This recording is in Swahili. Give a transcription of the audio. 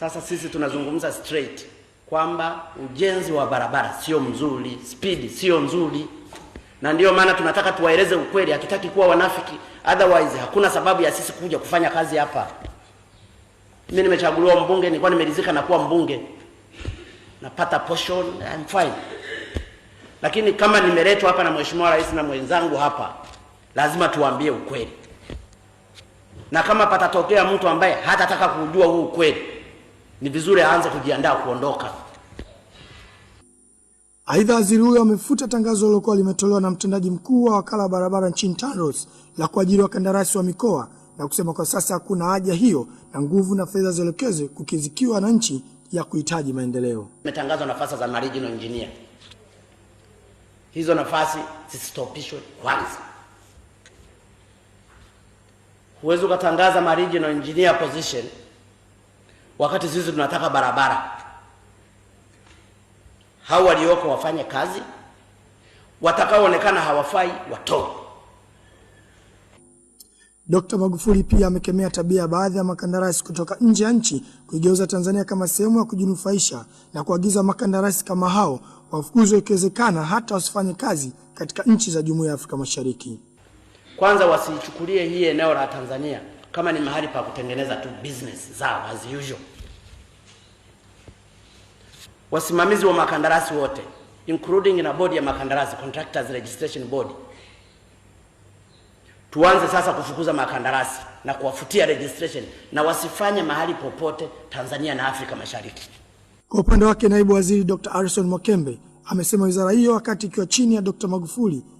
Sasa sisi tunazungumza straight kwamba ujenzi wa barabara sio mzuri, spidi sio nzuri, na ndiyo maana tunataka tuwaeleze ukweli, hatutaki kuwa wanafiki. Otherwise hakuna sababu ya sisi kuja kufanya kazi hapa. Mimi nimechaguliwa mbunge, nilikuwa nimeridhika na kuwa mbunge, napata portion, I'm fine. Lakini kama nimeletwa hapa na mheshimiwa rais na mwenzangu hapa, lazima tuwaambie ukweli, na kama patatokea mtu ambaye hatataka kujua huu ukweli ni vizuri aanze kujiandaa kuondoka. Aidha, waziri huyo amefuta tangazo lilokuwa limetolewa na mtendaji mkuu wa wakala wa barabara nchini TANROADS la kuajiri wakandarasi wa mikoa na kusema kwa sasa hakuna haja hiyo na nguvu na fedha zielekezwe kukizikiwa nchi ya kuhitaji maendeleo. Imetangazwa nafasi za ma engineer, hizo nafasi zisitopishwe kwanza. Huwezi ukatangaza ma engineer position wakati sisi tunataka barabara. Hao walioko wafanye kazi, watakaoonekana hawafai watoe. Dkt. Magufuli pia amekemea tabia ya baadhi ya makandarasi kutoka nje ya nchi kuigeuza Tanzania kama sehemu ya kujinufaisha na kuagiza makandarasi kama hao wafukuzwe ikiwezekana hata wasifanye kazi katika nchi za Jumuiya ya Afrika Mashariki. Kwanza wasichukulie hii eneo la Tanzania kama ni mahali pa kutengeneza tu business zao as usual. Wasimamizi wa makandarasi wote including na bodi ya makandarasi Contractors Registration Board, tuanze sasa kufukuza makandarasi na kuwafutia registration na wasifanye mahali popote Tanzania na Afrika Mashariki. Kwa upande wake naibu waziri Dr. Harrison Mwakembe amesema wizara hiyo wakati ikiwa chini ya Dr. Magufuli